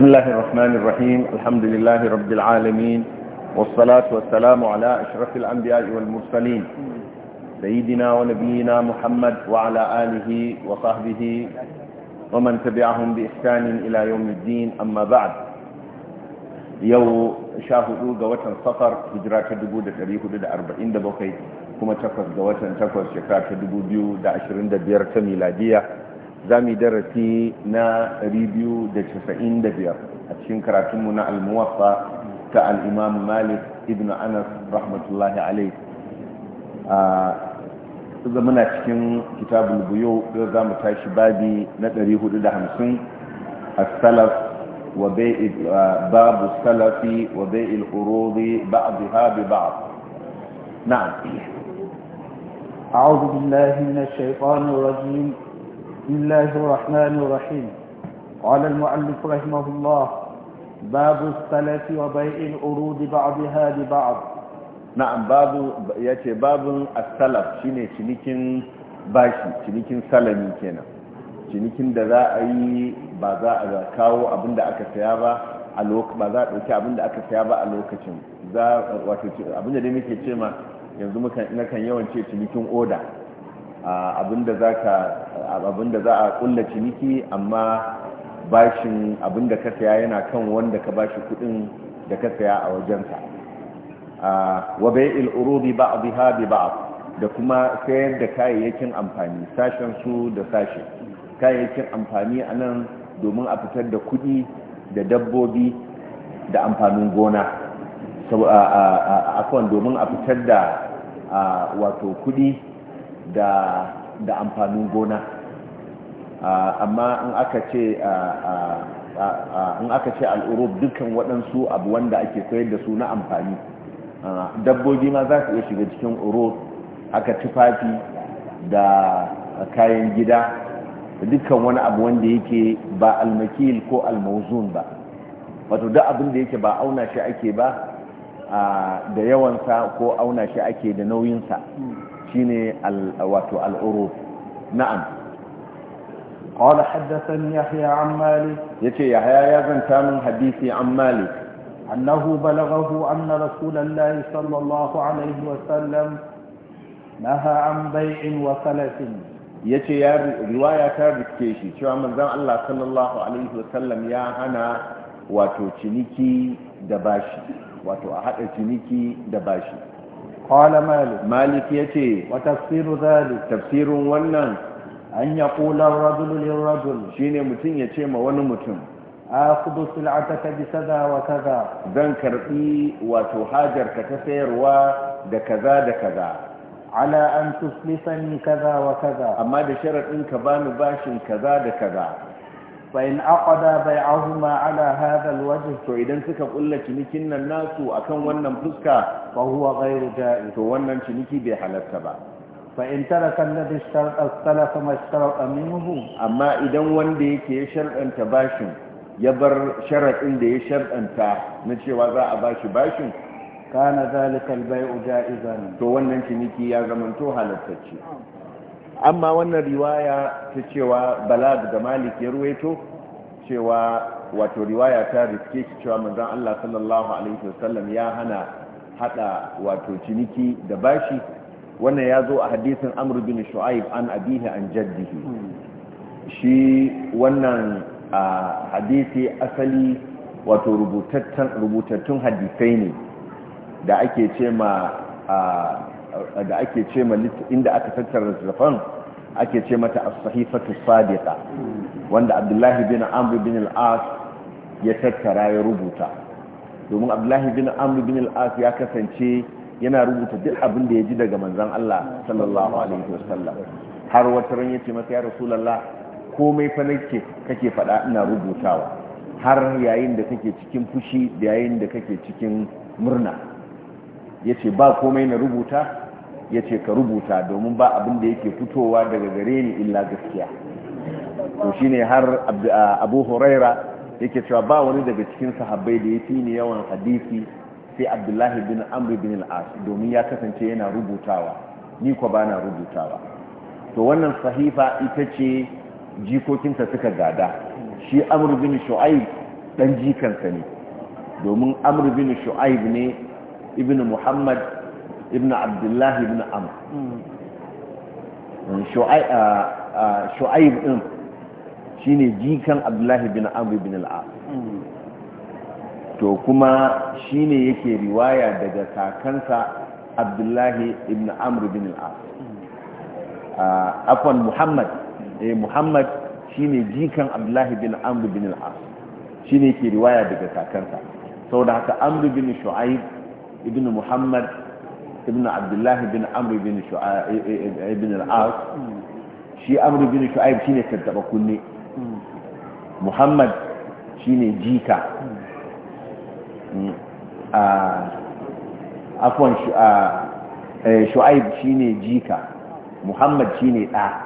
بسم الله الرحمن الرحيم الحمد لله رب العالمين والصلاة والسلام على أشرف الأنبياء والمرسلين سيدنا ونبينا محمد وعلى آله وصحبه ومن تبعهم بإحسان إلى يوم الدين أما بعد يو شاهدوا قوة صفر هجرة دبودة تاريخ دا أربعين دبوكي كما تفز قوة تفز شكرة دبوديو دا عشرين دبيرة ميلادية za mu darasi na 295 a cikin karatunmu na almuwafa ta al'imam malik ibn anas rahmatullahi alai a muna cikin kitabul buyo da za mu tashi babi na 450 as-salaf wa bai'i babu salafi wa bai'il urudi ba'daha bi ba'd na'am أعوذ بالله من الشيطان الرجيم بسم الله الرحمن الرحيم قال المؤلف رحمه الله باب السلف وبيع العروض بعضها ببعض نعم باب ياتي باب السلف شيني cinikin bashi cinikin salami kenan cinikin da za a yi ba za a kawo abin da aka saya ba a lokacin za a ɗauki abin da aka saya ba a lokacin za wato abin da dai muke ce ma yanzu nakan yawan cinikin oda abinda za za a kulla ciniki amma bashin abinda ka saya yana kan wanda ka bashi kudin da ka saya a wajenta wa bai'il ba ba'dha bi ba'a. da kuma sayar da kayayyakin amfani sashen su da sashe kayayyakin amfani a nan domin a fitar da kudi da dabbobi da amfanin gona kwan domin a fitar da wato kudi da da amfanin gona amma in aka ce in aka al'urub dukkan waɗansu abu wanda ake koyar da su na amfani dabbobi ma za su iya shiga cikin urur aka tufafi da kayan gida dukkan wani abu wanda yake ba almakil ko almauzun ba wato duk abin da yake ba auna shi ake ba da yawansa ko auna shi ake da nauyinsa shine wato al'uruf na'am qala haddathani yahya an malik yace yahya ya zanta min hadisi an malik annahu balaghahu anna rasulullahi sallallahu alaihi wa sallam naha an bai'in wa yace ya riwaya ta rike shi cewa manzon Allah sallallahu alaihi wa sallam ya hana wato ciniki da bashi wato a hada ciniki da bashi qala malik malik yace wa tafsiru zalik tafsirun wannan an yaqula ar-rajulu lir-rajul shine mutum yace ma wani mutum akudu sil'ataka bi kaza wa kaza zan karɓi wato hajarka ta sayarwa da kaza da kaza ala an tuslifani kaza wa kaza amma da sharadin ka bani bashin kaza da kaza fa’in aƙada bai ahuma ala haɗa wajen to idan suka kulla cinikin nan nasu akan kan wannan fuska ba huwa ƙairu da ito wannan ciniki bai halarta ba fa’in tara kan na bishtar ɗastala kuma shtar ɗaminuhu amma idan wanda yake ya sharɗanta bashin ya bar sharaɗin da ya sharɗanta na cewa za a bashi bashin kana zalikal bai uja izan to wannan ciniki ya zamanto halattacce amma wannan riwaya ta cewa balad da malik ya ruwaito cewa wato riwaya ta riske shi cewa manzon Allah sallallahu alaihi wasallam ya hana hada wato ciniki da bashi wannan ya zo a hadisin amr bin shu'aib an abihi an jaddihi shi wannan hadisi asali wato rubutattun hadisai ne da ake ce ma da ake ce ma inda aka tattara littafan ake ce mata as-sahifatu sadiqa wanda Abdullahi bin Amr bin al-As ya tattara ya rubuta domin Abdullahi bin Amr bin al-As ya kasance yana rubuta duk abin da ya ji daga manzon Allah sallallahu alaihi wasallam har wata ran yace masa ya rasulullah komai fa nake kake fada ina rubutawa har yayin da kake cikin fushi da yayin da kake cikin murna ya ce ba komai na rubuta ya ce ka rubuta domin ba abin da yake fitowa daga gare ni illa gaskiya to shi ne har abu huraira yake cewa ba wani daga cikin sahabbai da ya fi ni yawan hadisi sai abdullahi bin amri bin al'as domin ya kasance yana rubutawa ni kwa ba na rubutawa to wannan sahifa ita ce jikokinsa suka gada shi amru bin shu'aib dan jikansa ne domin amru bin shu'aib ne ibn muhammad ibn abdullah ibn amr hmm. shu'aib din uh, uh, um, shine jikan abdullah ibn amr ibn al'ad hmm. to kuma shine yake riwaya daga kakansa abdullahi ibn amr ibn al'ad hmm. uh, afwan muhammad eh muhammad shine jikan abdullahi bin amr bin al-as shine yake riwaya daga kakansa saboda haka amr bin shu'aib ibn muhammad ibn abdullahi bin amr bin ibn eh, eh, eh, shi amr bin kunne muhammad shine jika mm. a ah, afwan ah, shu'aib jika muhammad shine da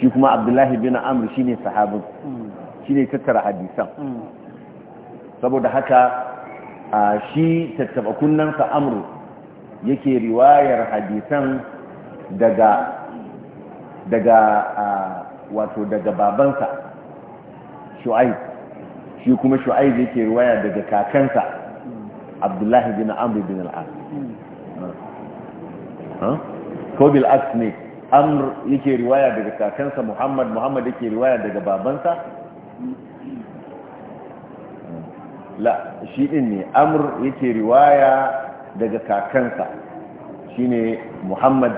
shi kuma abdullahi bin amr shine sahabin mm. shine tattara hadisan mm. saboda haka a shi tattaba kunnansa amru yake riwayar hadisan daga daga wato daga babansa shu'aib shi kuma shu'aib yake riwaya daga kakansa abdullahi bin amru bin al'ad ko bil ne amr yake riwaya daga kakansa muhammad muhammad yake riwaya daga babansa la shi din ne amr yake riwaya daga kakansa shine muhammad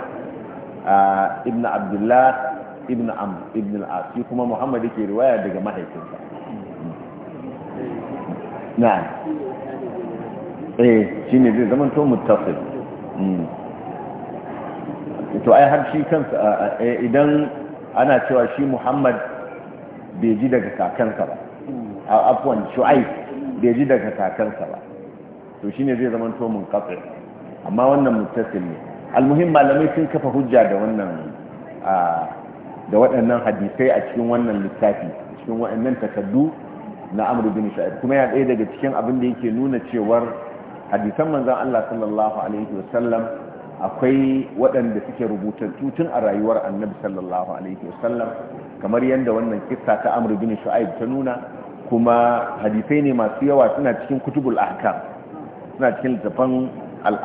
ibn abdullah ibn amr ibn al-as kuma muhammad yake riwaya daga mahaifinsa na'am eh shine zai zama to muttasil hmm. to ai har shi kansa eh, idan ana cewa shi muhammad bai ji daga kakansa ba hmm. a afwan shu'aib bai ji daga kakansa ba to shine zai zama to mun kafa amma wannan muttasil ne almuhim malamai sun kafa hujja da wannan da waɗannan hadisai a cikin wannan littafi cikin waɗannan takaddu na amru bin sha'ib kuma ya ɗaya daga cikin abin da yake nuna cewar hadisan manzon Allah sallallahu alaihi wasallam akwai waɗanda suke rubutattu tun a rayuwar annabi sallallahu alaihi wasallam kamar yadda wannan kissa ta amru bin shu'aib ta nuna kuma hadisai ne masu yawa suna cikin kutubul ahkam suna cikin littafan al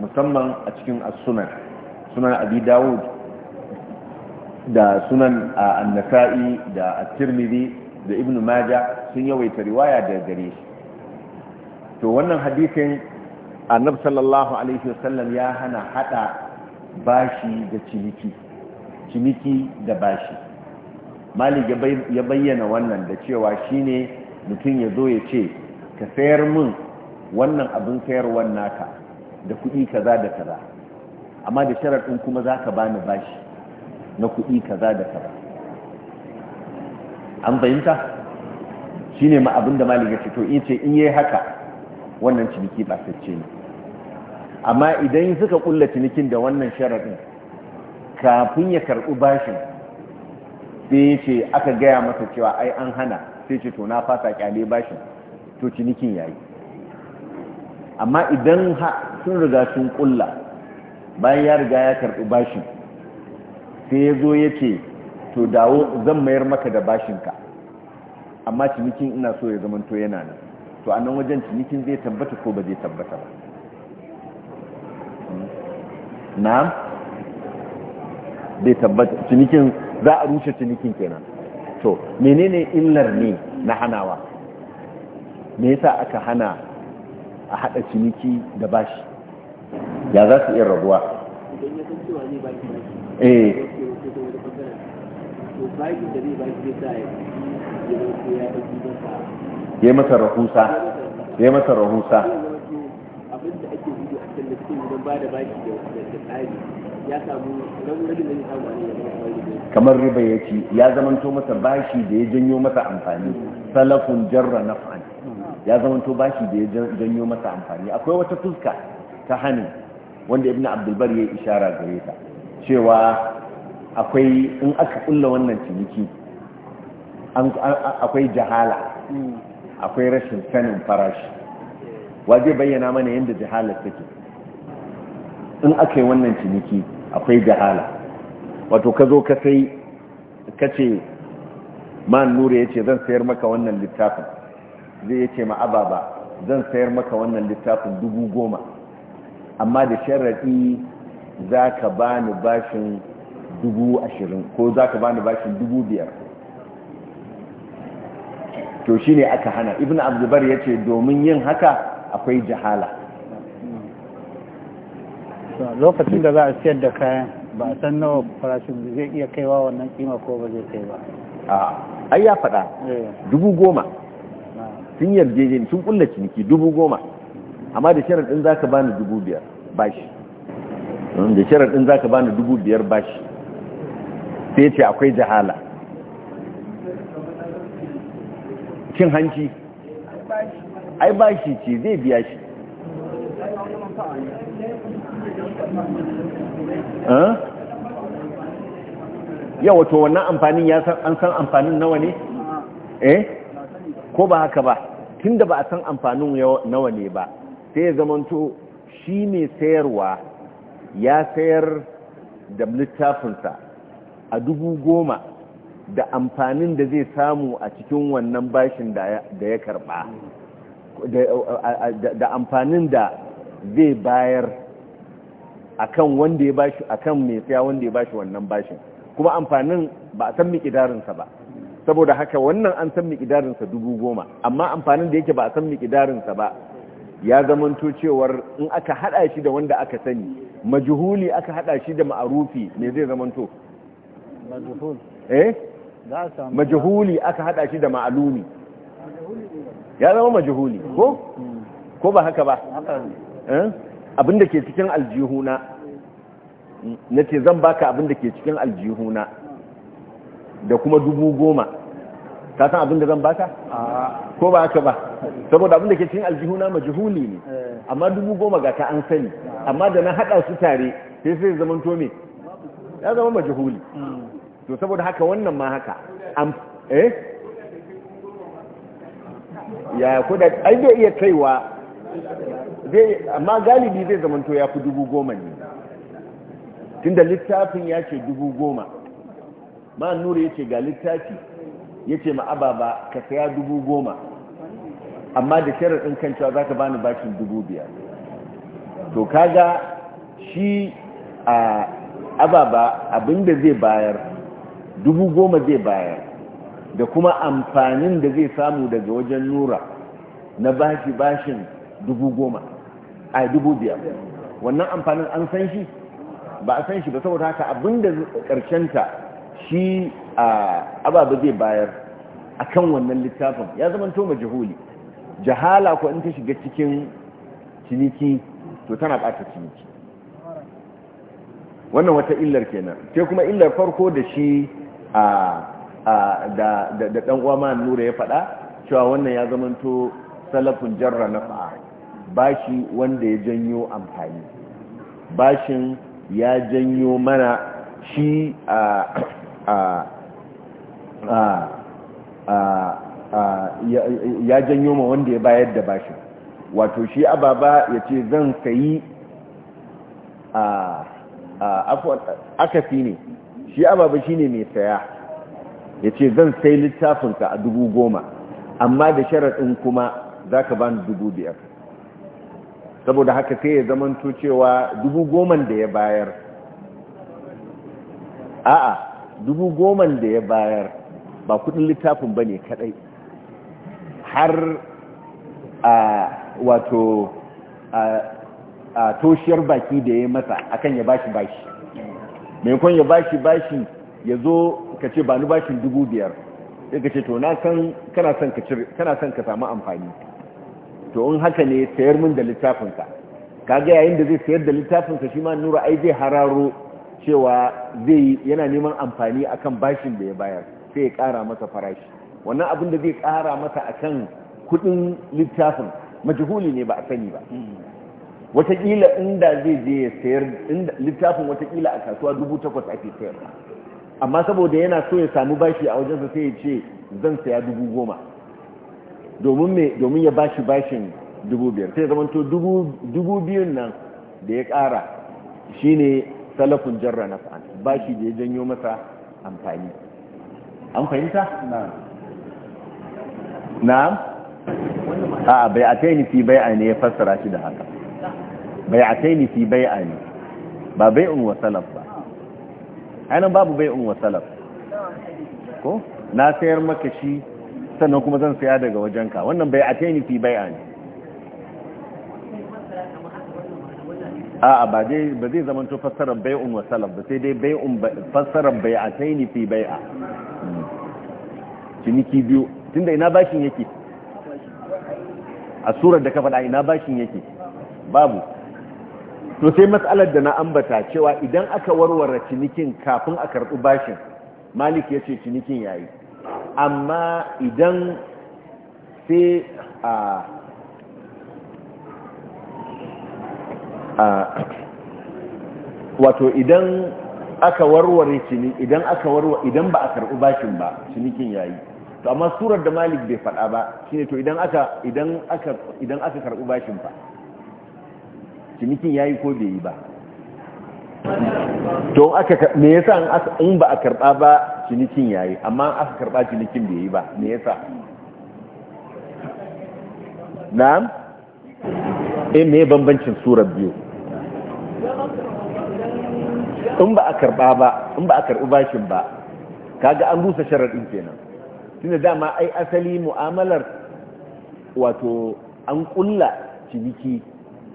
musamman a cikin as-sunan sunan abi dawud da sunan a nasai da at da ibn maja sun yawaita riwaya da gare shi to wannan hadisin annab sallallahu alaihi wasallam ya hana hada bashi da ciniki ciniki da bashi malik ya bayyana wannan da cewa shine mutum ya zo ya ce ka sayar min wannan abin sayarwar naka da kuɗi kaza da kaza amma da sharaɗin kuma za ka bani bashi na kuɗi kaza da kaza an fahimta shi ne ma abin da malik ya ce to in ce in yi haka wannan ciniki ɓasacce ne amma idan suka ƙulla cinikin da wannan sharaɗin kafin ya karɓi bashin sai ya ce aka gaya masa cewa ai an hana sai ce to na fasa kyale bashi to cinikin yayi amma idan sun riga sun kulla bayan ya riga ya karɓi bashin sai ya zo ya ce to dawo zan mayar maka da bashinka amma cinikin ina so ya to yana nan to a nan wajen cinikin zai tabbata ko ba zai tabbata ba hmm? na bai tabbata cinikin za a rushe cinikin kenan to menene illar ne na hanawa me yasa aka hana a hada ciniki da bashi ya za su iya rabuwa eh ya masa rahusa ya masa rahusa abinda ake gudu a tallafin ba da bashi da tsari ya samu da ya samu a kamar riba ya ci ya zamanto masa bashi da ya janyo masa amfani salafun jarra naf'an ya zamanto bashi da ya janyo masa amfani akwai wata fuska ta hannu wanda Ibn abdulbar ya yi ishara gare ta cewa akwai in aka kulla wannan ciniki akwai jahala akwai rashin sanin farashi waje bayyana mana yadda jahalar take in aka yi wannan ciniki akwai jahala wato ka zo ka sai ka ce man nura ya ce zan sayar maka wannan littafin zai ya ce ma'ababa zan sayar maka wannan littafin dubu goma amma da sharaɗi za ka ba ni bashin dubu ashirin ko za ka ba ni bashin dubu biyar to shi ne aka hana ibn abdubar ya ce domin yin haka akwai jahala lokacin da za a siyar da kayan ba a san nawa farashin zai iya kaiwa wannan kima ko ba zai kai ba ai ya faɗa eh. dubu goma sun yarjejeni sun kulla ciniki dubu goma amma da sharaɗin za ka bani dubu biyar bashi hmm, da sharaɗin za ka bani dubu biyar bashi sai ce akwai jahala cin hanci ai bashi ce zai biya shi ya wato wannan amfanin ya san an san amfanin nawa ne eh ko ba haka ba tunda ba a san amfanin nawa ne ba sai ya zamanto shi ne sayarwa ya sayar da littafinsa a dubu goma da amfanin da zai samu a cikin wannan bashin da ya karba da amfanin da zai bayar akan wanda ya bashi akan mai tsaya wanda ya bashi wannan bashin kuma amfanin ba a san miƙidarinsa ba saboda haka wannan an san miƙidarinsa dubu goma amma amfanin da yake ba a san miƙidarinsa ba ya zamanto cewar in aka haɗa shi da wanda aka sani majuhuli aka haɗa shi da ma'arufi me zai zamanto eh majuhuli aka haɗa shi da ma'alumi ya zama majuhuli ko hmm. ko ba haka ba abinda da ke cikin aljihuna na ce zan baka abinda da ke cikin aljihuna da kuma dubu goma ka san abin da zan baka? ko ba haka ba saboda abinda da ke cikin aljihuna majihuli ne amma dubu goma ga ta an sani amma da na haɗa su tare sai sai zaman tome ya zama majihuli to saboda haka wannan ma haka eh ya kuda ai bai iya kaiwa amma galibi zai zamanto ya fi dubu goma ne tunda littafin ya ce dubu goma ma nura ya ce ga littafi ya ce ma ababa ka saya dubu goma amma da sharaɗin kan cewa za ka bani bashin dubu biyar to kaga shi a ababa abinda zai bayar dubu goma zai bayar da kuma amfanin da zai samu daga wajen nura na bashi bashin dubu goma a dubu biyar wannan amfanin an san shi ba a san shi ba saboda haka abinda ta shi a ababa zai bayar a kan wannan littafin ya zama toma jihuli jahala ko in ta shiga cikin ciniki to tana ɓata ciniki wannan wata illar kenan sai kuma illar farko da shi a da ɗan uwa ma nura ya faɗa cewa wannan ya zama to salafun jarra na bashi wanda ya janyo amfani bashin ya janyo mana shi a a a a ya janyo ma wanda ya bayar da bashin wato shi ababa ya ce zan sayi a akafi ne shi ababa shi ne mai saya ya ce zan sai littafinka a dubu goma amma da sharaɗin kuma za ka ba ni dubu biyar saboda haka sai ya zamanto cewa dubu goman da ya bayar a'a dubu goman da ya bayar ba kudin littafin ba ne kadai har a wato a toshiyar baki da ya masa akan ya bashi bashi maimakon ya bashi bashi ya zo ka ce ba ni bashin dubu biyar ya ka ce to na san kana son ka samu amfani to in haka ne sayar min da littafinka kaga yayin da zai sayar da littafinka shi ma nura ai zai hararo cewa zai yana neman amfani akan bashin da ya bayar sai ya kara masa farashi wannan abin da zai kara masa akan kudin littafin majhuli ne ba a sani ba watakila inda zai je ya sayar littafin watakila a kasuwa dubu ake sayarwa amma saboda yana so ya samu bashi a wajensa sai ya ce zan saya dubu goma domin ya bashi bashin dubu biyar sai zama to dubu biyun nan da ya kara shine salafin jarra na fa'an bashi da ya janyo masa amfani an fahimta? na'am a bai a taini fi a ne ya fassara shi da haka bai a taini fi a ne ba bai wa salaf ba ainihin babu bai wa salaf ko na sayar maka shi sannan kuma zan saya daga wajenka wannan bai a tainifi bai a ne a'a ba zai zama to fassarar bai'un wa salaf ba sai dai bai'un fassarar bai a tainifi bai a hmm. ciniki biyu tunda ina bashin yake a surar da ka faɗa ina bashin yake babu to sai matsalar da na ambata cewa idan aka warware cinikin kafin a karɓi bashin malik ya ce cinikin yayi amma idan sai a wato idan aka warware cini idan aka warware idan ba a karɓi bakin ba cinikin yayi to amma surar da malik bai faɗa ba shine to idan aka idan aka idan aka karɓi bashin fa cinikin yayi ko bai yi ba to aka me yasa in ba a karɓa ba cinikin yayi amma aka karba cinikin bai yi ba me yasa na'am eh me bambancin surar biyu in ba a karɓa ba in ba a karɓi bashin ba kaga an rusa sharaɗin kenan tunda dama ai asali mu'amalar wato an ƙulla ciniki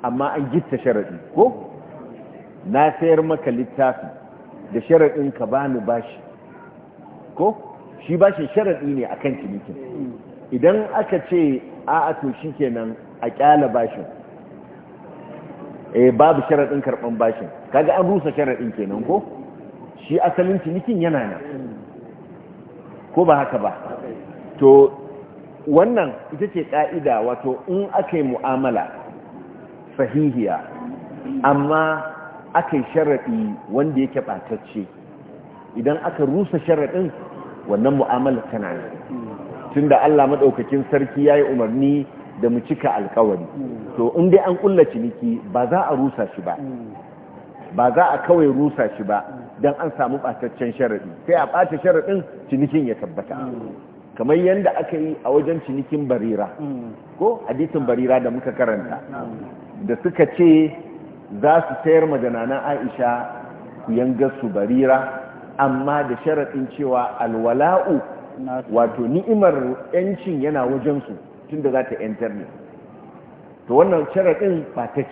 amma an gitta sharaɗi ko na sayar maka littafi da sharaɗin ka bani bashi ko shi ba shi sharaɗi ne a kan cinikin idan aka ce a a to shi kenan a ƙyala bashin eh babu sharaɗin karɓan bashin kaga an rusa sharaɗin kenan ko shi asalin cinikin yana nan ko ba haka ba to wannan ita ce ƙa'ida wato in aka yi mu'amala sahihiya amma aka yi sharaɗi wanda yake ɓatacce idan aka rusa sharaɗin wannan mu'amala tana ne tun da Allah maɗaukakin sarki ya yi umarni da mu cika alkawari to in dai an ƙulla ciniki ba za a rusa shi ba ba za a kawai rusa shi ba don an samu ɓataccen sharaɗi sai a ɓata sharaɗin cinikin ya tabbata kamar yadda aka yi a wajen cinikin barira ko hadisin barira da muka karanta da suka ce za su sayar majanana aisha ku yanga su barira amma da sharaɗin cewa alwala'u wato ni'imar yancin yana wajensu tun da za ta yantar ne to wannan sharaɗin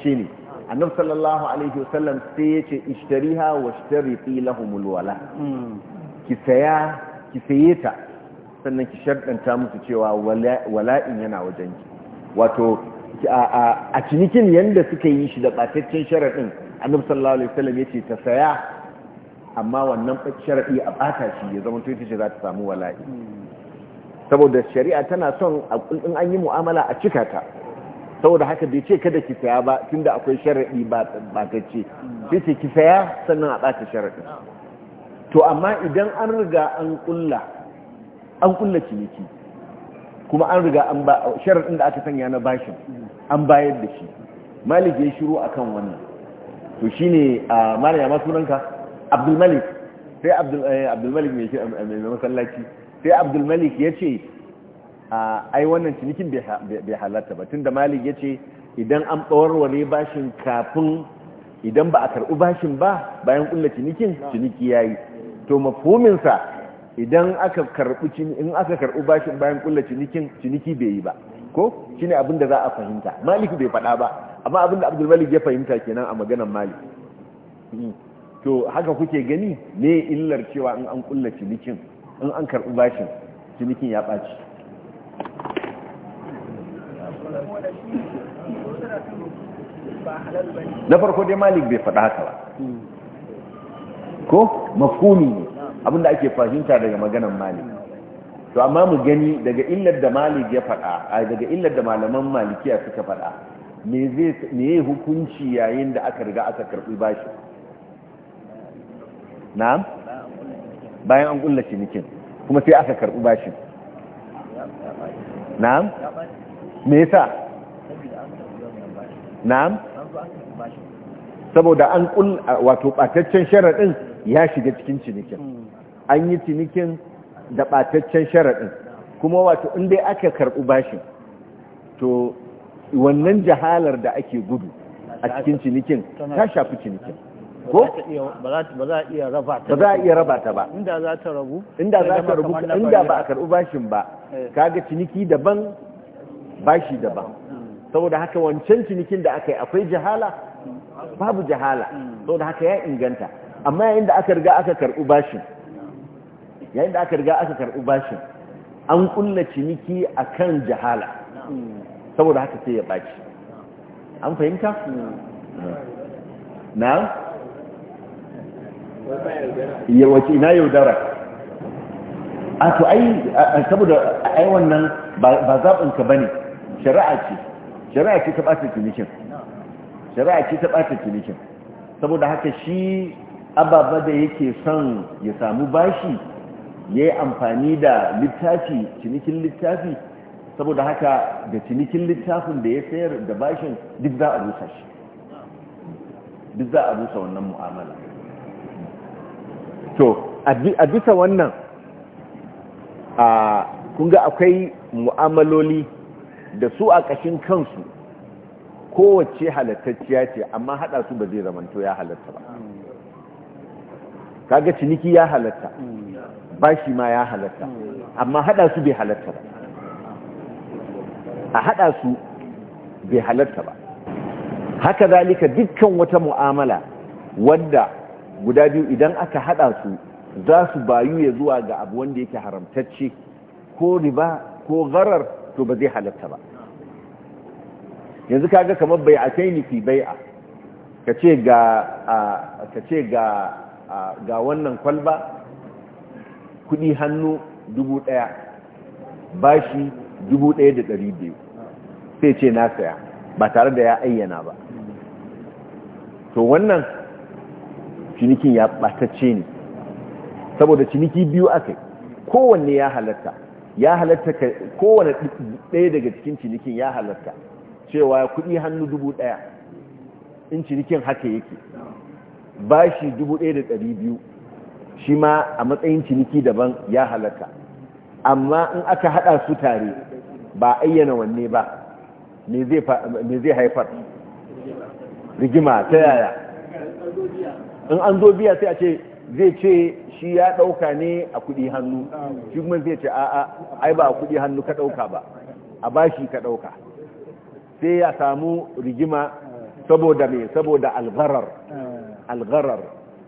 ce ne annab sallallahu alaihi wasallam sai ya ce ishtariha wa shtarifi lahumul wala ki saya ki saye ta sannan ki sharɗanta musu cewa wala'in yana wajenki wato a cinikin yanda suka yi shi da ɓataccen sharaɗin annab sallallahu alaihi wasallam ya ce ta saya amma wannan sharaɗi a ɓata shi ya zama tuta ce za ta samu wala'i saboda shari'a tana son a in an yi mu'amala a cika ta saboda haka bai ce kada ki saya ba tunda akwai sharaɗi ba ta ce sai ce ki saya sannan a ɓata sharaɗi to amma idan an riga an ƙulla an ƙulla ciniki kuma an riga an ba sharaɗin da aka sanya na bashin an bayar da shi Maliki ya shiru akan wannan to shine a mariya ma sunanka abdulmalik sai eh, abdulmalik eh, mai masallaci sai abdulmalik ya ce ai wannan cinikin bai halatta ba tun da malik ya ce idan an ne bashin kafin idan ba a karɓi bashin ba bayan ƙulla cinikin ciniki ya yi to mafominsa idan aka karɓi bashin bayan ƙulla cinikin ciniki bai yi ba ko shi ne abinda za a fahimta malik bai faɗa ba amma abinda abdulmalik ya fahimta kenan a maganan malik hmm. to haka kuke gani me illar cewa in an kulla cinikin in an karɓi bashin cinikin ya ɓaci na farko dai malik bai faɗa haka ba ko mafumi ne abinda ake fahimta daga maganan malik to amma mu gani daga illar da malik ya faɗa daga illar da malaman malikiya suka faɗa me zai hukunci yayin da aka riga aka karɓi bashin. na'am bayan an kulla cinikin kuma sai aka karbi bashin na'am me yasa na'am saboda an kul wato bataccen sharadin ya shiga cikin cinikin an yi cinikin da bataccen sharadin kuma wato in dai aka karbi bashin to wannan jahalar da ake gudu a cikin cinikin ta shafi cinikin ko ba za a iya raba ta ba za a iya raba ta ba inda za ta rabu inda za ta rabu inda ba a karɓi bashin ba eh. kaga ciniki daban bashi daban hmm. saboda haka wancan cinikin da aka yi akwai jahala hmm. babu jahala hmm. saboda haka ya inganta amma yayin da aka riga aka karɓi bashin yayin da aka riga aka karɓi bashin an kulla ciniki akan jahala saboda haka sai ya baci an fahimta na ya wace ina yaudara a to ai saboda ai wannan ba zaɓin ka bane shari'a ce shari'a ce ta ɓata cinikin shari'a ce ta ɓata cinikin saboda haka shi ababa da yake son ya samu bashi ya yi amfani da littafi cinikin littafi saboda haka da cinikin littafin da ya sayar da bashin duk za a rusa shi duk za a rusa wannan mu'amala to a bisa wannan a kunga akwai mu'amaloli da su a ƙashin kansu kowace halattacciya ce amma haɗa su ba zai zamanto ya halatta ba kaga ciniki ya halatta bashi ma ya halatta amma haɗa su bai halatta ba a haɗa su bai halatta ba haka zalika dukkan wata mu'amala wadda guda biyu idan aka hada su za su bayu ya zuwa ga abu wanda yake haramtacce ko riba ko gharar to ba zai halatta ba yanzu kaga kamar bai a kai nufi bai a ka ce ga ga wannan kwalba kudi hannu dubu daya bashi dubu daya da dari biyu sai ce na saya ba tare da ya ayyana ba to wannan cinikin ya batacce ne saboda ciniki biyu akai kowanne ya halatta ya halatta kowanne ɗaya daga cikin cinikin ya halatta cewa kuɗi hannu dubu ɗaya in cinikin haka yake bashi dubu ɗaya da ɗari biyu shi ma a matsayin ciniki daban ya halatta amma in aka haɗa su tare ba ayyana wanne ba me zai haifar rigima ta yaya in an zo biya sai a ce zai ce shi ya ɗauka ne a kuɗi hannu shi kuma zai ce a'a ai ba a kuɗi hannu ka ɗauka ba a bashi ka ɗauka sai ya samu rigima saboda me saboda algarar algarar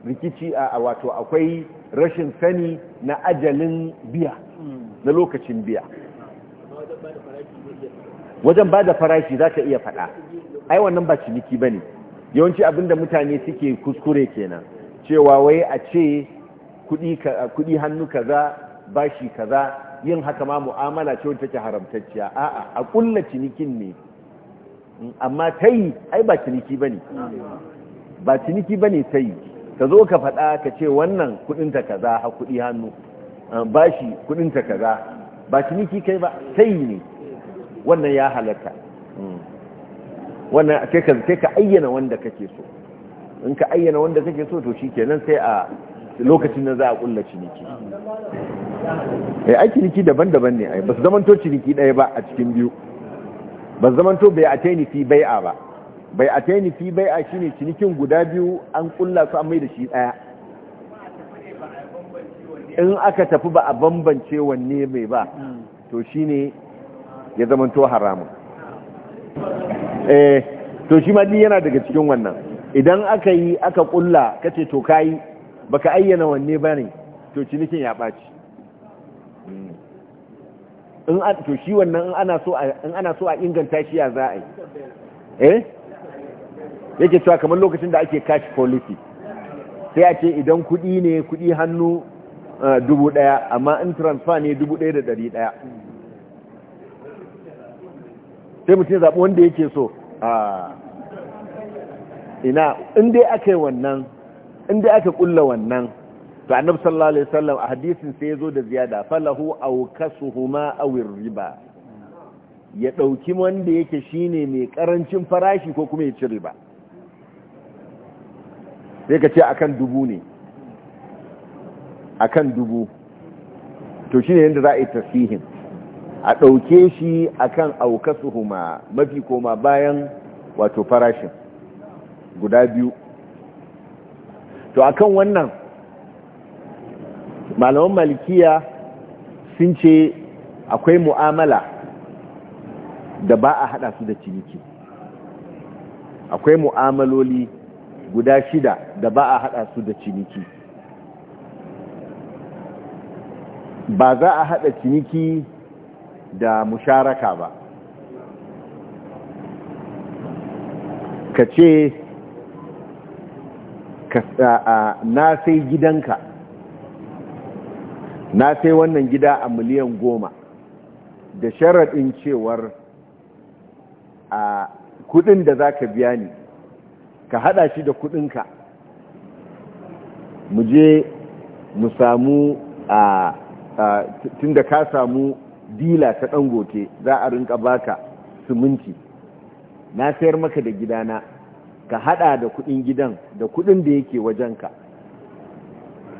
rikici a wato akwai rashin sani na ajalin biya na lokacin biya wajen ba da farashi za ka iya faɗa ai wannan ba ciniki ba ne yawanci abinda mutane suke kuskure kenan cewa wai a ce kudi hannu kaza bashi kaza yin haka ma mu'amala ce wata ke haramtacciya a'a a kulla cinikin ne amma yi ai ba ciniki ba ne. ba ciniki ba ta yi ka zo ka faɗa ka ce wannan kudinta kaza ha kudi hannu eh, bashi kudinta kaza ba ciniki kai ba yi ne wannan ya halatta hmm. wannan sai ka ayyana wanda kake so in ka ayyana wanda kake so to shi kenan sai a lokacin da za a kulla ciniki ya eh, ai ciniki daban-daban ne ba su zamanto ciniki ɗaya ba a cikin biyu ba su zamanto bai a tainifi bai a ba bai a tainifi bai a shine cinikin guda biyu an kulla su an mai da shi ɗaya in aka tafi ba a bambance wanne mai ba to shine ya zamanto haramun Eh, to shi ma yana daga cikin wannan idan aka yi aka kulla kace to kai baka ayyana wanne bane to cinikin ya baci hmm. in a to shi wannan in ana so in ana so a inganta shi ya za a yi eh yake cewa kamar lokacin da ake cash policy sai a ce idan kudi ne kudi hannu eh, dubu daya amma in transfer ne dubu daya da dari daya sai mutum zaɓi wanda yake so a ina inda aka yi wannan inda aka kulla wannan to annabi sallallahu alaihi wasallam a hadisin sai ya zo da ziyada falahu aw kasuhuma aw ba ya ɗauki wanda yake shine mai karancin farashi ko kuma ya ci riba sai ka ce akan dubu ne akan dubu to shine yadda za a yi tasihin a ɗauke shi akan aukasuhuma mafi koma bayan wato farashin guda biyu to a kan wannan malaman malikiya sun ce akwai mu'amala da ba a hada su da ciniki akwai mu'amaloli guda shida da ba a hada su da ciniki ba za a hada ciniki da musharaka ba ka ce na sai gidanka na sai wannan gida a miliyan goma da sharaɗin cewar a kudin da za ka biya ni ka hada shi da kudinka mu je mu samu a tun da ka samu dila ta dangote za a rinka baka siminti na sayar maka da gidana ka hada da kudin gidan da kudin da yake wajenka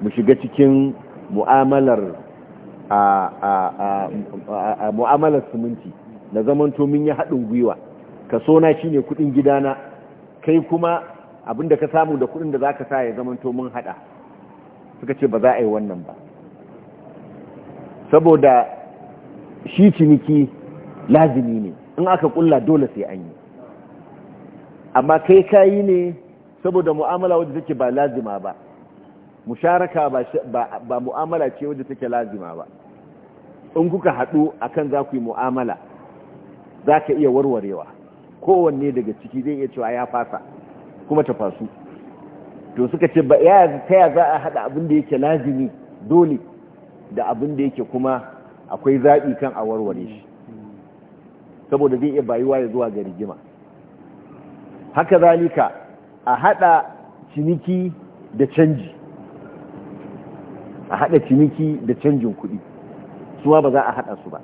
mu shiga cikin mu'amalar a mu'amalar siminti na zamanto mun yi haɗin gwiwa kaso na shine kudin gidana kai kuma abinda ka samu da kudin da zaka sa ya zamanto mun hada suka ce ba za a yi wannan ba saboda shi ciniki lazimi ne in aka kulla dole sai an yi amma kai kayi ne saboda mu'amala wadda take ba lazima ba musharaka ba mu'amala ce wadda take lazima ba in kuka haɗu akan za ku yi mu'amala za ka iya warwarewa kowanne daga ciki zai iya cewa ya fasa kuma ta fasu to suka ce ba ya kaya za a haɗa abin da yake lazimi dole da abin da yake kuma akwai zaɓi kan a warware shi saboda zai iya bayuwa ya zuwa ga rigima haka zalika a haɗa ciniki da canji a haɗa ciniki da canjin kuɗi suwa ba za a haɗa su ba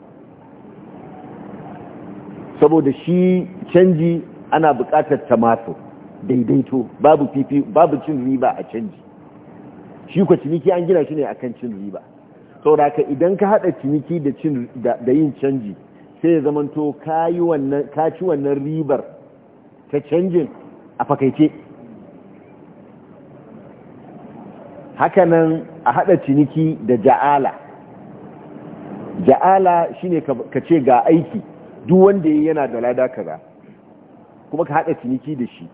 saboda shi canji ana buƙatar tamato daidaito babu cin riba a canji shi kwa ciniki an gina shi ne a kan cin riba sauraka idan ka hada ciniki da yin canji sai ya zamanto ka ci wannan ribar ta canjin a fakaice hakanan a hada ciniki da ja'ala ja'ala shine ka ce ga aiki duk wanda yayi yana da lada kaza kuma ka hada ciniki da shi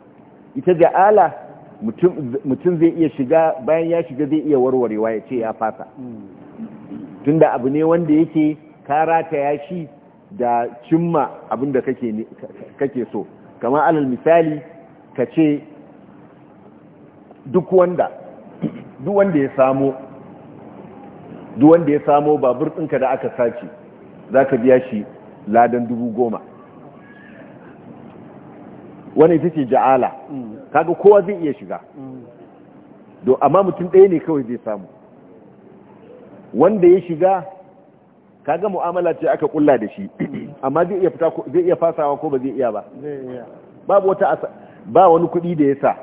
ita ja'ala mutum zai iya shiga bayan ya shiga zai iya warwarewa ya ce ya fata hmm. tunda abu ne wanda yake kara ta yashi da cimma abin da kake so kama alal misali ka ce duk wanda duk wanda ya samo duk wanda ya samo babur ɗinka da aka sace za biya shi ladan dubu goma wani ita ce ja'ala mm. kaga kowa zai iya shiga mm. do amma mutum ɗaya ne kawai zai samu wanda ya shiga kaga mu'amala ce aka kulla da shi amma zai iya fita zai iya fasawa ko ba zai iya ba babu wata ba wani kuɗi da ya sa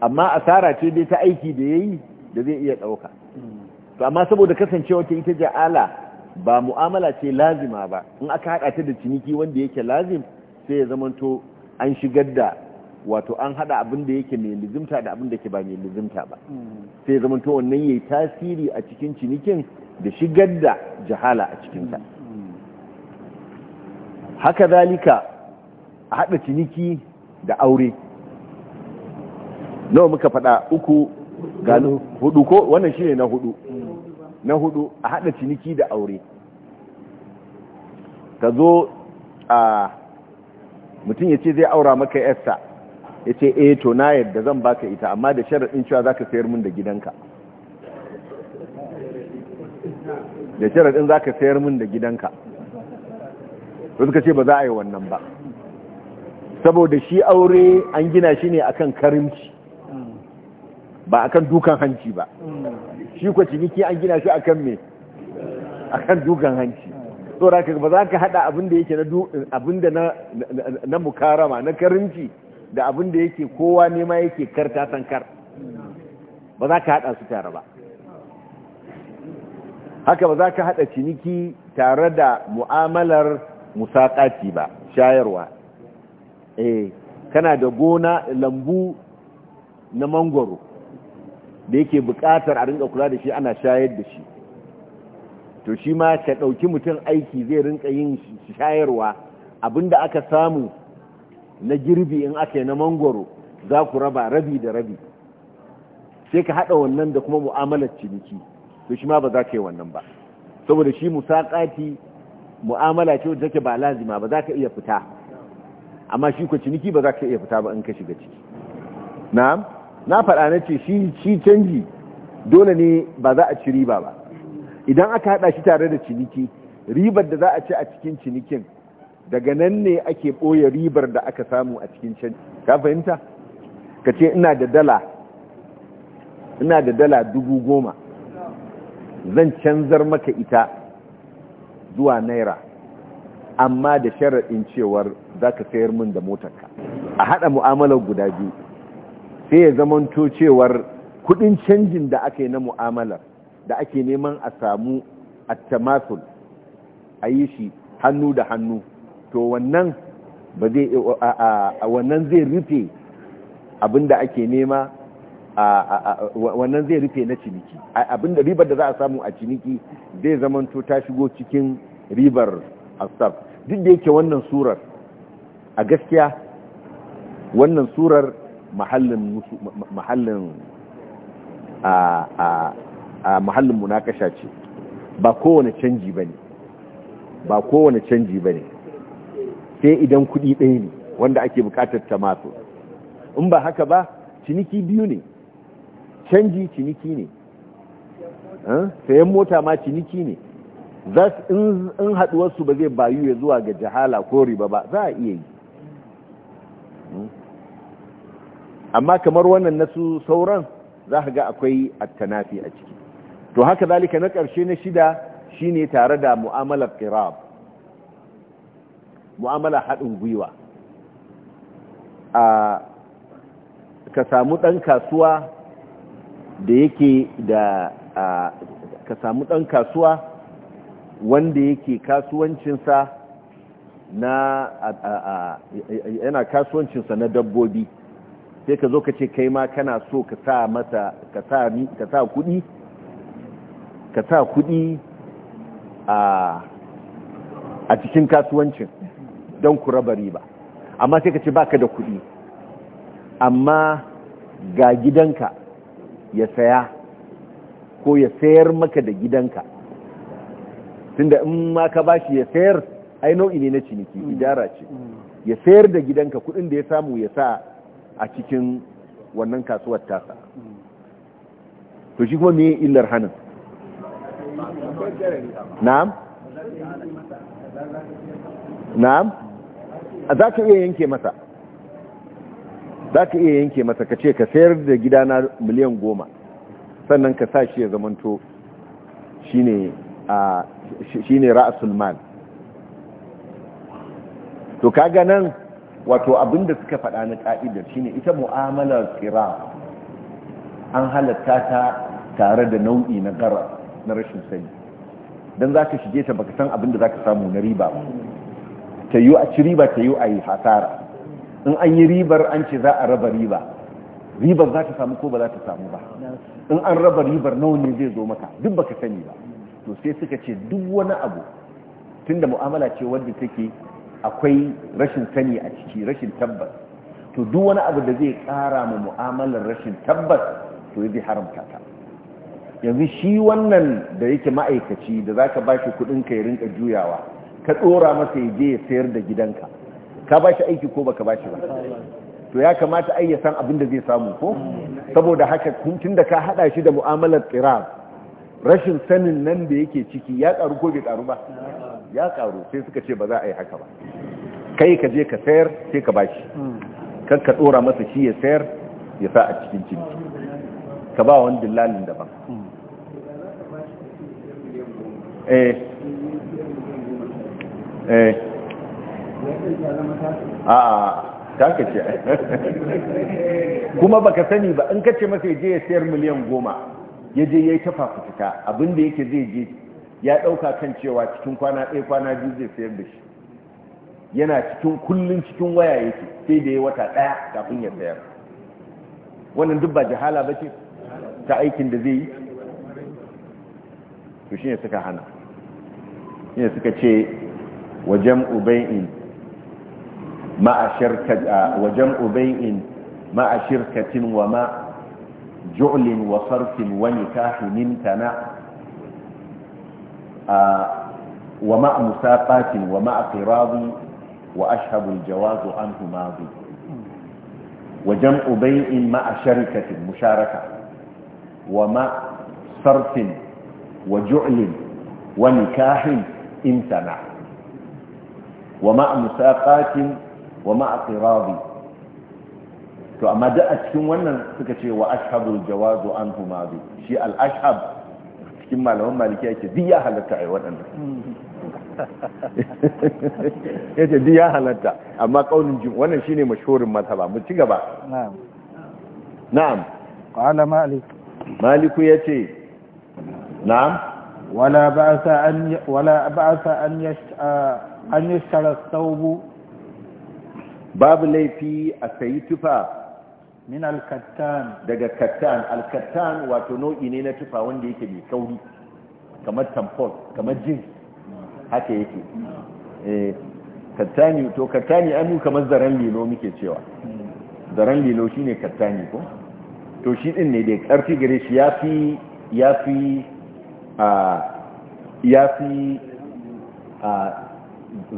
amma asara ce dai ta aiki da yayi da zai iya dauka hmm. to amma saboda kasancewa ta ita ja'ala ba mu'amala ce lazima ba in aka haɗa ta da ciniki wanda yake lazim sai ya zamanto an shigar da wato an hada abin da yake mai lizimta da abin da ke ba mai lizimta ba hmm. sai zama to wannan yayi tasiri a cikin cinikin da shigar da jahala a cikin ta hmm. haka zalika a hada ciniki da aure nawa muka fada uku gano hudu ko wannan shine na hudu hmm. na hudu a hada ciniki da aure ka zo a mutum ya ce zai aura maka yarsa ya ce eh to na yadda zan baka ita amma da sharaɗin cewa za ka sayar min da gidanka da sharaɗin za ka sayar min da gidanka to suka ce ba za a yi wannan ba saboda shi aure an gina shi ne akan karimci ba akan dukan hanci ba shi kwa ciniki an gina shi akan me akan dukan hanci saboda ba za ka hada abin da yake na mukarama na karimci da abin da yake kowa nema yake karta tankar ba za ka haɗa su tare ba haka ba za ka haɗa ciniki tare da mu'amalar musaƙaci ba shayarwa eh kana da gona lambu na mangoro da yake buƙatar a rinka kula da shi ana shayar da shi to shi ma ka ɗauki mutum aiki zai rinka yin shayarwa abinda aka samu na girbi in aka yi na mangoro za ku raba rabi da rabi sai ka haɗa wannan da kuma mu'amalar ciniki to shi ma ba za ka yi wannan ba saboda shi musaƙati mu'amala ce wadda take ba lazima ba za ka iya fita amma shi ku ciniki ba za ka iya fita ba in ka shiga ciki na na faɗa na ce shi canji dole ne ba za a ci riba ba idan aka haɗa shi tare da ciniki ribar da za a ci a cikin cinikin daga nan ne ake ɓoye ribar da aka samu a cikin canji ka fahimta ka ce ina da dala ina da dala dubu goma zan canzar maka ita zuwa naira amma da sharaɗin cewar za ka sayar min da motarka a haɗa mu'amalar guda biyu sai ya zamanto cewar kudin canjin da aka yi na mu'amalar da ake neman a samu tamasul a yi shi hannu da hannu to wannan ba zai wannan zai rufe abinda ake nema wannan zai rufe na ciniki abinda ribar da za a samu a ciniki zai zamanto ta shigo cikin ribar asaf duk da yake wannan surar a gaskiya wannan surar mahallin mahallin munakasha ce ba kowane canji ba kowane canji bane sai idan kuɗi ɗaya ne wanda ake buƙatar ta masu in ba haka ba ciniki biyu ne canji ciniki ne sayan mota ma ciniki ne in haɗuwarsu ba zai bayu ya zuwa ga jahala ko riba ba za a iya yi amma kamar wannan na su sauran za ka ga akwai attanafi a ciki to haka zalika na ƙarshe na shida shine tare da mu'amalar qirab mu'amala haɗin gwiwa a ka samu ɗan kasuwa da yake da ka samu ɗan kasuwa wanda yake kasuwancinsa na yana kasuwancinsa na dabbobi sai ka zo ka ce kai ma kana so ka sa mata ka sa kuɗi ka sa kuɗi a cikin kasuwancin don ku raba riba amma sai ka ce baka da kuɗi amma ga gidanka ya saya ko ya sayar maka da gidanka tunda in ma ka bashi ya sayar ai nau'i ne na ciniki mm. idara ce mm. ya sayar da gidanka kuɗin da ya samu ya sa a cikin wannan kasuwar tasa mm. to shi kuma me illar hannun na'am na'am za ka iya yanke masa za ka iya yanke masa ka ce ka sayar da gidana miliyan goma sannan ka sa shi ya zamanto shi ne ra'a sulman to kaga nan wato abinda suka faɗa na ƙa'idar ne ita mu'amalar tsira an halatta ta tare da nau'i na gara na rashin sani don za ka shige ta baka san abinda za ka samu na riba ba ta yi a ci riba ta yi a yi hasara in an yi ribar an ce za a raba riba ribar za ta samu ko ba za ta samu ba in an raba ribar nawa ne zai zo maka duk baka sani ba to sai suka ce duk wani abu tunda mu'amala ce wadda take akwai rashin sani a ciki rashin tabbas to duk wani abu da zai kara ma mu'amalar rashin tabbas to zai haramta ta yanzu shi wannan da yake ma'aikaci da za zaka bashi kudin ka ya rinka juyawa ka tsora masa ya je ya sayar da gidanka ka ba shi aiki ko ba ka ba shi ba to ya kamata ai ya san abin da zai samu ko saboda haka tun da ka hada shi da mu'amalar tsirar rashin sanin nan da yake ciki ya karu ko bai karu ba ya karu sai suka ce ba za a yi haka ba kai ka je ka sayar sai ka ba shi kan ka dora masa shi ya sayar ya sa a cikin ciniki ka ba wani dillalin daban eh. eh a ka kuma baka sani ba in kace masa je ya sayar miliyan goma ya je ya yi ta fafutuka abinda yake zai je ya ɗauka kan cewa cikin kwana ɗaya kwana biyu zai sayar da shi yana cikin kullum cikin waya yake sai da ya wata ɗaya kafin ya sayar wannan duk ba jihala ba ce ta aikin da zai yi to shi ne suka hana shi ne suka ce وجمع بيع مع شركة آه، وجمع بيع مع شركة ومع جعل وصرف ونكاح ممتنع آه، ومع مساقات ومع قراض وأشهب الجواز عنه ماضي وجمع بيع مع شركة مشاركة ومع صرف وجعل ونكاح امتنع wa ma'a musaqatin wa ma'a qiradi to amma da a cikin wannan suka ce wa ashabul jawazu an ma bi shi al'ashab cikin malaman maliki yake duk ya halatta ai waɗanda Ya ce ya halatta amma ƙaunin jin wannan shine mashhurin mazhaba mu ci gaba na'am na'am qala malik ya ce na'am wala ba'sa an wala ba'sa an yash'a an yi saubu babu laifi a sayi tufa min alkattan daga kattan alkattan wato nau'i ne na tufa wanda yake mai kauri kamar tampon kamar jin haka yake eh, kattani to kattani an yi kamar zaren lilo muke cewa zaren lilo shi ne kattani ko to shi din ne da karfi gare shi ya fi ya fi ya fi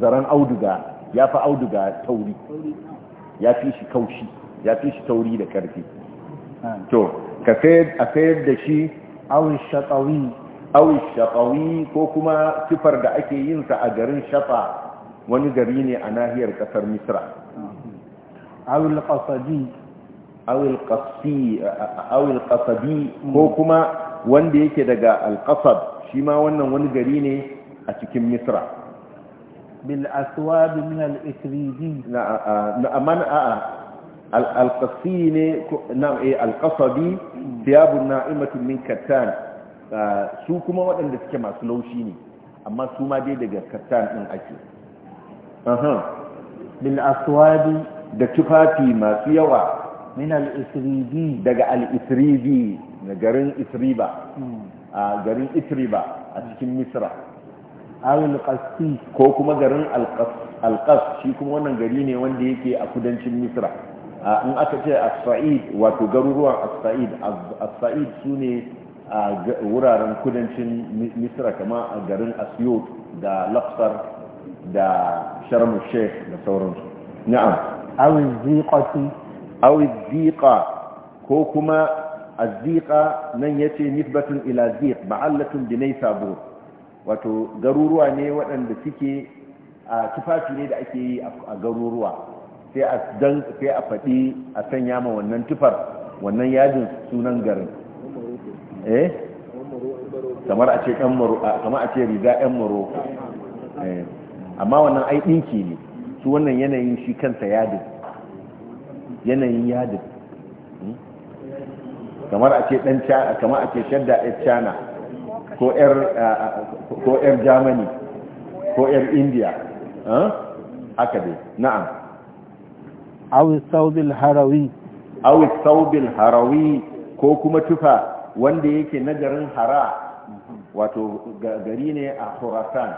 zaren auduga ya fi auduga tauri ya fi shi kaushi ya fi shi tauri da karfi to ka sayar da shi awin shaƙawi awin shaƙawi ko kuma sifar da ake yin sa a garin shafa wani gari ne a nahiyar ƙasar misra awil ƙasabi awil ƙasabi ko kuma wanda yake daga alƙasab shi ma wannan wani gari ne a cikin misra بالأثواب من الإكريدين لا من القصي نعم القصبي ثياب النائمة min kattan. su kuma waɗanda suke masu laushi ne amma su ma dai daga kattan ɗin ake bil aswadi da tufafi masu yawa min al isribi daga al isribi na garin isriba a garin isriba a cikin misra awil qasti ko kuma garin alqas shi kuma wannan gari ne wanda yake a kudancin misra in aka ce as-sa'id wato garuruwan as-sa'id as-sa'id sune wuraren kudancin misra kama a garin asyut da lafsar da sharm sheikh da sauransu na'am awil ziqati awil ziqa ko kuma az-ziqa nan yace nisbatun ila ziq ma'allatun bi naysabur wato garuruwa ne waɗanda suke a tufafi ne da ake yi a garuruwa sai a dan sai a faɗi a sanya ma wannan tufar wannan yajin sunan garin eh kamar a ce ɗan maroko kamar a ce riga ɗan maroko eh. amma wannan ai ɗinki ne su wannan yanayin shi kansa yadin yanayin yadin hmm? kamar a ce ɗan kamar a ce shadda ɗan cana ko yar germany ko yar india haka dai na'am Awi saubil harawi Awi saubil harawi ko kuma tufa wanda yake na garin hara wato gari ne a khurasan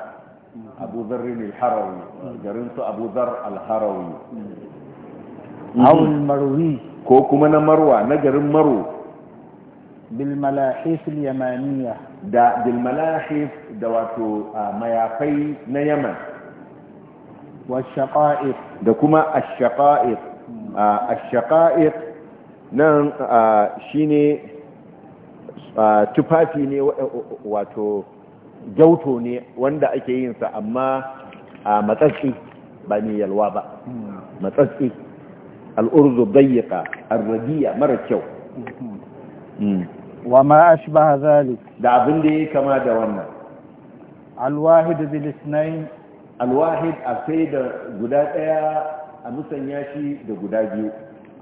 abu zarrin al-harawi garin su abu zar al-harawi awul mm-hmm. marwi ko kuma na marwa na garin maro bil malahis al-yamaniya da bilmalahif da wato mayafai na yaman washaka'ir da kuma ashaka'ir ashaka'ir nan shi ne tufafi ne wato gyauto ne wanda ake yinsa amma matsatsi ba ne yalwa ba matsatsi al'urzu bayyaka arradiya mara kyau mm-hmm. mm. wa ma ashba zalik da abin da yake kama da wannan alwahid bil isnayn alwahid akai da guda daya a musanya shi da guda biyu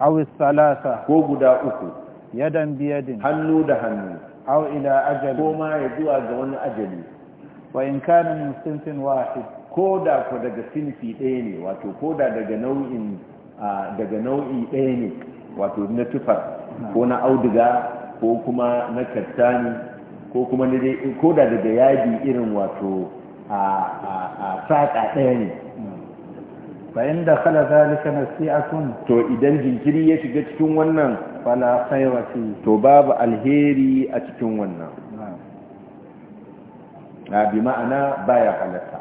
aw salasa ko guda uku yadan biyadin hannu da hannu aw ila ajali ko ma ya zuwa ga wani ajali wa in kana min wahid ko da ko daga sinfi ɗaya ne wato ko da daga nau'in daga nau'i ɗaya ne wato na tufar ko na auduga ko kuma na kattani ko kuma na dai ko da daga yadi irin wato a saƙa ɗaya ne fa inda khala zalika nasi'atun to idan jinkiri ya shiga cikin wannan fala khayra fi to babu alheri a cikin wannan na bi ma'ana baya halatta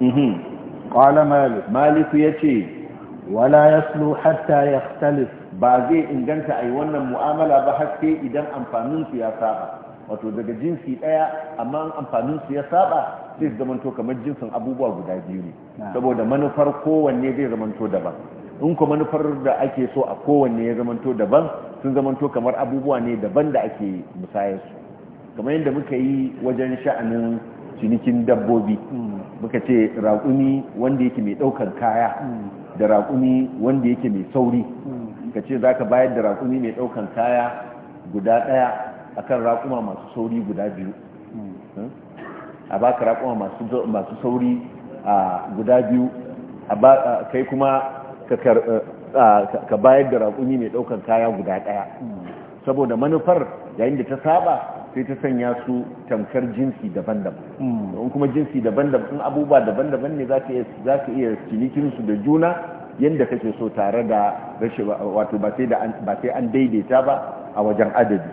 mhm qala malik malik yace wala yaslu hatta yaxtalif ba zai inganta a yi wannan mu'amala ba haske idan idan amfaninsu ya saba wato daga jinsi ɗaya amma amfaninsu ya saba sai zama zamanto kamar jinsin abubuwa guda biyu ne saboda manufar kowanne zai zamanto daban in kuma manufar da ake so a kowanne ya zamanto daban sun zamanto kamar abubuwa ne daban da ake musayar su kamar yadda muka yi wajen sha'anin cinikin dabbobi hmm. muka ce raƙumi wanda yake mai ɗaukan kaya hmm. da raƙumi wanda yake mai sauri ka ce za ka bayar da raƙumi mai ɗaukan kaya guda ɗaya a kan raƙuma masu sauri guda biyu a ba ka raƙuma masu sauri guda biyu kai kuma ka bayar da raƙumi mai ɗaukan kaya guda ɗaya saboda manufar yayin da ta saba sai ta sanya su tamkar jinsi daban-daban hmm. in kuma jinsi daban-daban abubuwa daban-daban ne za ka iya cinikinsu da juna yadda kake so tare da rashin wato ba sai an daidaita ba a wajen adadi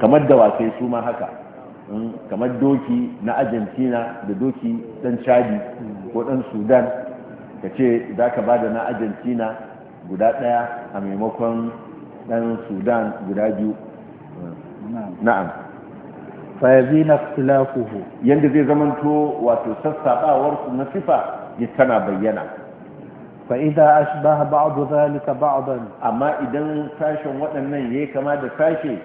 kamar da wasai su ma haka hmm, kamar doki na argentina da doki dan chadi ko dan sudan ka ce za ka ba da na argentina guda daya a maimakon dan sudan guda biyu na'am yazi na yadda zai zamanto wato su na sifa tana bayyana fa idan ashbaha ba'du zalika ba'dan amma idan sashen waɗannan yayi kama da sashe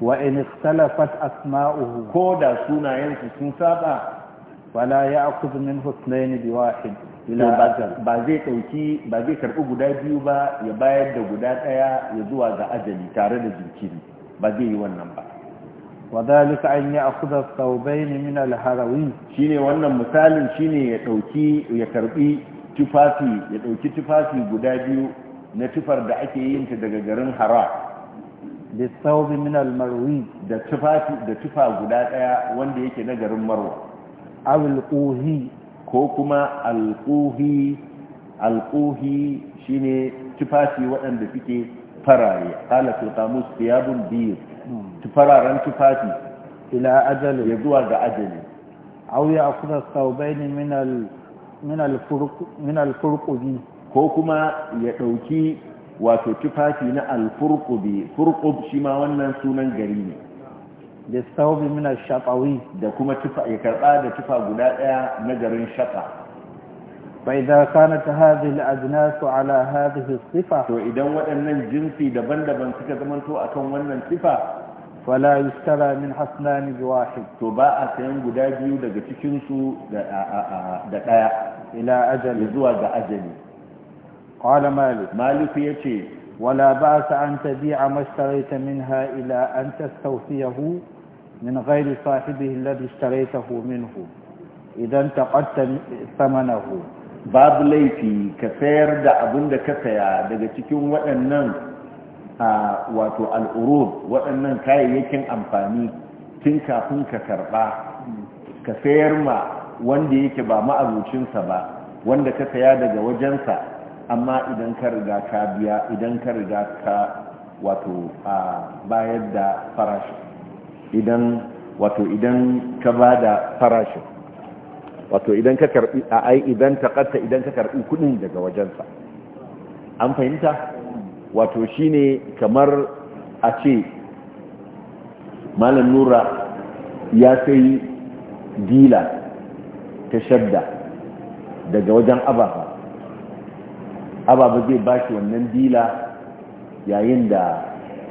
wa in ikhtalafat asma'uhu ko da sunayen su sun saba wala ya'khud min husnayn bi wahid ba zai ɗauki ba zai karɓi guda biyu ba ya bayar da guda ɗaya ya zuwa ga ajali tare da jinkiri ba zai yi wannan ba wa dalika an ya akhudha thawbayn min al-harawin shine wannan misalin shine ya dauki ya ɗauki tufafi ya dauki tufafi guda biyu na tufar da ake yin ta daga garin hara bi thawbi min da tufafi da tufa guda ɗaya wanda yake na garin marwa al-quhi ko kuma al-quhi al-quhi shine tufafi waɗanda suke farare qala fil qamus thiyabun Hmm. tufararen tufafi ila ajali ya zuwa ga ajali au ya kusa ne min alfurkubi ko kuma ya ɗauki wato tufafi na alfurkubi furkub shi ma wannan sunan gari ne da saubi min alshaɓawi da kuma ya karɓa da tufa guda ɗaya na garin shaɓa فإذا كانت هذه الأجناس على هذه الصفة وإذا وأن الجنسي دبن دبن سكتمن تو أكون ونن صفة فلا يشترى من حسنان بواحد تباء سين قداجي دقى تشنسو دقايا إلى أجل زوى أجل قال مالك مالك يتي ولا بأس أن تبيع ما اشتريت منها إلى أن تستوفيه من غير صاحبه الذي اشتريته منه إذا انتقدت ثمنه babu laifi ka sayar da abin da ka saya daga cikin waɗannan a wato al'urur waɗannan kayayyakin amfani tun kafin ka karɓa ka sayar ma wanda yake ba ma'azucinsa ba wanda ka saya daga wajensa amma idan ka riga ka biya idan ka riga ka wato a bayar da farashi idan wato idan ka ba da farashin wato idan ka karbi a ai idan ta taqatta idan ka karbi kudin daga wajensa an fahimta wato shine kamar a ce malam nura ya sai dila ta shadda daga wajen ababa ababa zai bashi wannan dila yayin da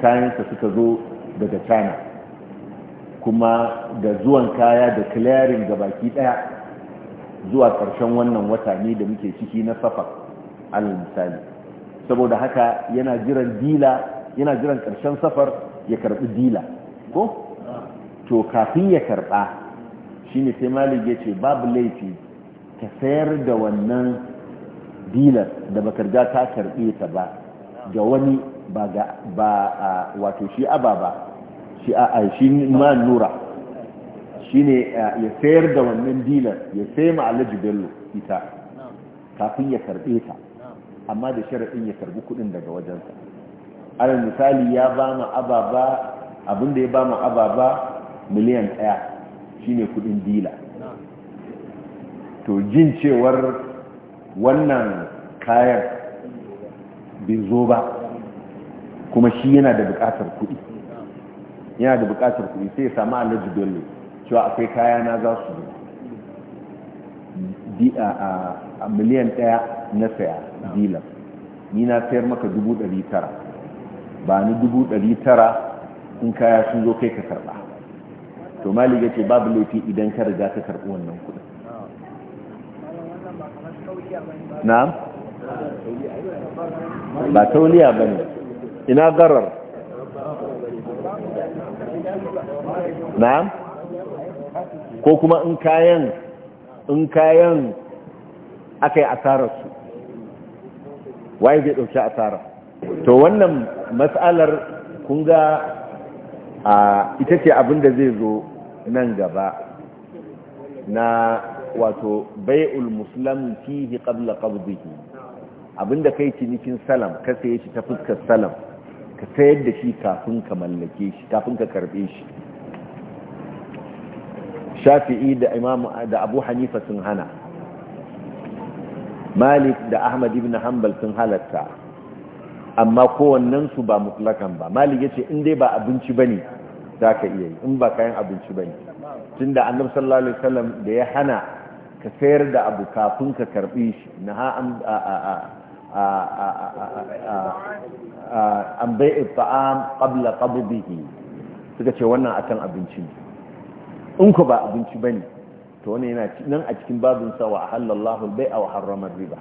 kayansa suka zo daga china kuma da zuwan kaya da clearing ga baki daya zuwa ƙarshen wannan wata ne da muke ciki na safar alal misali saboda haka yana jiran dila yana jiran ƙarshen safar ya karɓi dila ko to kafin ya karɓa shine sai malik ya ce babu laifi ka sayar da wannan dilar da baka ta karɓe ta ba ga wani ba wato shi ababa ba shi a shi ma nura shine eh, ya sayar da wannan dinar ya sai ma alhaji bello ita kafin ya karbe ta amma da sharaɗin ya karbi kuɗin daga wajensa alal misali ya ba mu ababa abinda ya ba mu ababa miliyan ɗaya shine kuɗin dila to jin cewar wannan kayan bai zo ba kuma shi yana da bukatar kuɗi yana da bukatar kudi sai ya sami alhaji bello cewa akwai kaya na za su a miliyan ɗaya na saya dilan ni na sayar maka dubu ɗari tara ba ni dubu ɗari tara in kaya sun zo kai ka karɓa to mali ya ce babu laifi idan ka riga ka karbi wannan kuɗin na'am ba tauliya ba ne ina garar na'am ko kuma in kayan in kayan aka yi asararsu waye zai ɗauki asarar to wannan matsalar kun ga ita ce abin da zai zo nan gaba na wato bai'ul muslim fihi qabla qabdihi abinda kai cinikin salam ka saye shi ta fuskar salam ka sayar da shi kafin ka mallake shi kafin ka karbe shi shafi'i da abu hanifa sun hana malik da ahmad ibn hanbal sun halatta amma kowannensu ba mutlakan ba malik ya ce in dai ba abinci ba ne za ka iya yi in ba kayan abinci ba ne tun da annab sallallahu alaihi wasallam da ya hana ka sayar da abu kafin ka karbi shi na ha an bai'i ta'am qabla qabdihi suka ce wannan akan abinci ne in ku ba abinci bane to wani yana nan a cikin babin sa wa halallahu bai a haramar riba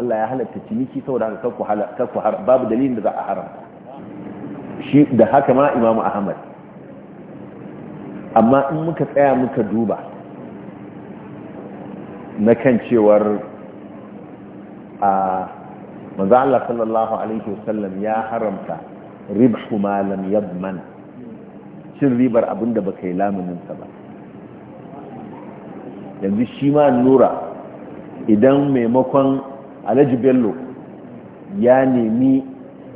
Allah ya halatta ciniki saboda haka kakku kakku haram babu dalilin da za a haramta shi da haka ma Imam Ahmad amma in muka tsaya muka duba na kan cewar a manzo Allah sallallahu alaihi wasallam ya haramta ribhu ma lam yadman cin ribar abinda baka yi lamunin sa ba yanzu shi ma nura idan maimakon alhaji bello ya nemi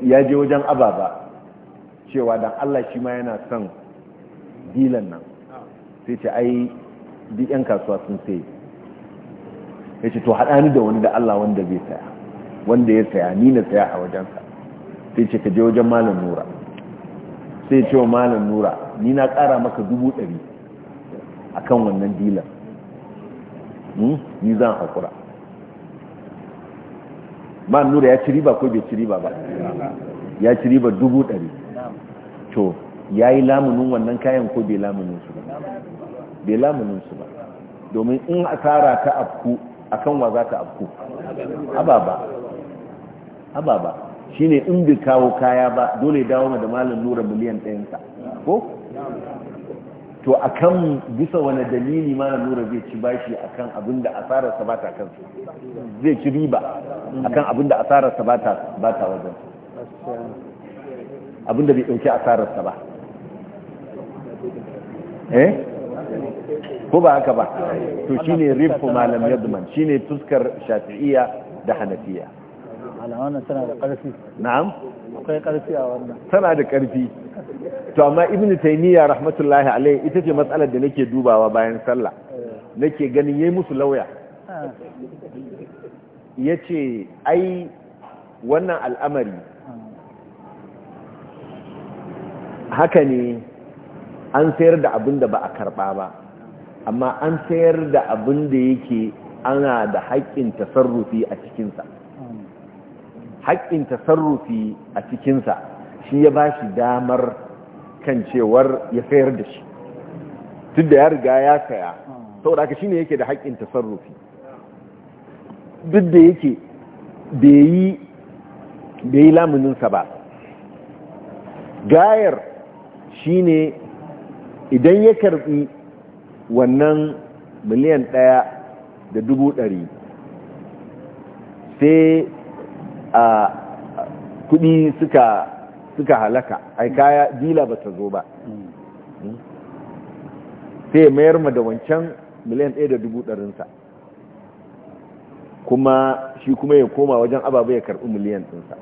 ya je wajen ababa cewa dan allah shi ma yana son dilan nan sai ce ai duk 'yan kasuwa sun sai ya ce to haɗani da wani da allah wanda zai saya wanda ya saya ni na saya a wajensa sai ce ka je wajen malam nura sai ce wa malam nura ni na ƙara maka dubu ɗari a kan wannan dilan Hmm? ni zan haƙura ba nura ya ci riba ko bai ci riba ba ya ci riba dubu ɗari to ya yi lamunin wannan kayan ko bai lamunin su ba bai lamunin su ba domin in asara ta afku akan wa za ta afku ababa ababa shine in bai kawo kaya ba dole dawo da malam nura miliyan ɗayansa ko to akan bisa wani dalili ma nura zai ci bashi akan abin da asararsa ba ta kansu zai ci riba akan abin da asararsa ba ta wajen abin da bai ɗauki asararsa ba eh ko ba haka ba to shine rifu malam yadman shine tuskar shafi'iyya da hanafiya tana da ƙarfi akwai ƙarfi a wannan tana da ƙarfi to amma ibnu taymiya rahmatullahi alaihi ita ce matsalar da nake dubawa bayan sallah nake ganin yayi musu lauya yace ai wannan al'amari haka ne an sayar da abin da ba a karɓa ba amma an sayar da abin da yake ana da haƙƙin tasarrufi a cikinsa haƙƙin tasarrufi a cikinsa shi ya ba shi damar kan cewar ya sayar da shi duk da ya riga ya saya saboda shi ne yake da haƙƙin tasarrufi duk da yake bai yi lamuninsa ba gayar shi ne idan ya karbi wannan miliyan ɗaya da dubu ɗari sai a kudi suka suka halaka ai kaya dila ba ta zo ba hmm? sai mayar ma da wancan miliyan da dubu ɗarinsa. kuma shi kuma ya koma wajen ababai ya karɓi miliyan ɗinsa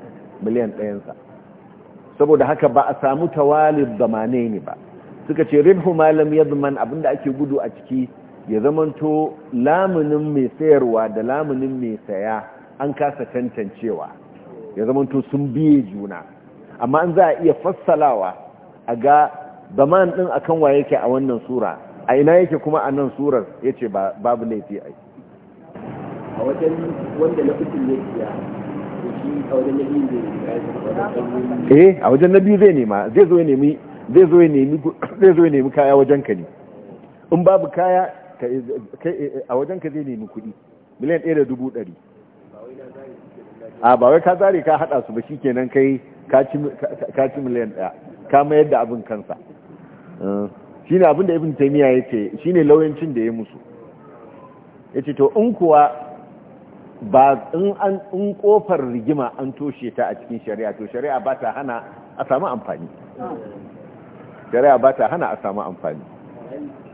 miliyan ɗayensa saboda haka ba a samu tawalib mane ne ba suka ce ribhu malam yadman abinda ake gudu a ciki ya zamanto lamunin mai sayarwa da lamunin mai saya an kasa tantancewa ya zama to sun biye juna amma an za a iya fassalawa a ga zaman din kan waye yake a wannan sura a ina yake kuma a nan surar ya ce babu laifi a a wajen wanda na fitin ne ya eh a wajen nabi zai nema zai zo ya nemi zai zo nemi zai zo nemi kaya wajen ka ne in babu kaya a wajen ka zai nemi kuɗi miliyan ɗaya da dubu ɗari a ba wai ka tsari ka hada su ba shikenan kai ka ci miliyan daya ka mayar da abin kansa eh, shine abin da ibn taymiya yace shine lauyancin da ya musu yace to in kuwa ba in an in kofar rigima an toshe ta a cikin shari'a to shari'a ba ta hana a samu amfani shari'a ba ta hana a samu amfani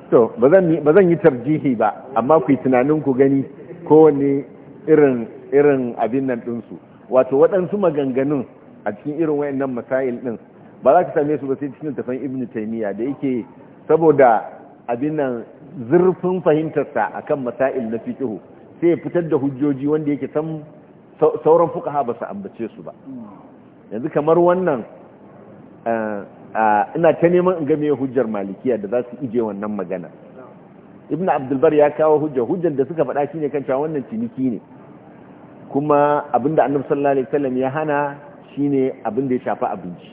to ba zan yi tarjihi ba amma ku yi tunanin ku gani kowane irin irin abin nan ɗinsu wato waɗansu maganganun a cikin irin wayannan masail ɗin ba za ka same su ba sai cikin tafan ibn taymiya da yake saboda abin nan zurfin fahimtarsa akan masail na fiqh sai ya fitar da hujjoji wanda yake san sauran fuqaha ba su ambace su ba yanzu kamar wannan eh, eh, ina ta neman in ga me hujjar malikiya da za su ije wannan magana ibn abdulbar ya kawo hujja hujjar da suka faɗa shine kan cewa wannan ciniki ne kuma abinda annabi sallallahu alaihi wasallam ya hana shine abinda ya shafa abinci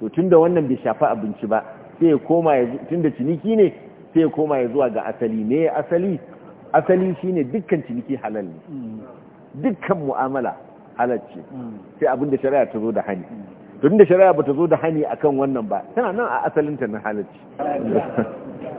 to tunda wannan bai shafa abinci ba sai ya koma tunda ciniki ne sai ya koma ya zuwa ga asali ne asali asali shine dukkan ciniki halal ne dukkan mu'amala halal ce sai abinda shari'a ta zo da hani tunda shari'a bata zo da hani akan wannan ba tana nan a asalinta na halal ce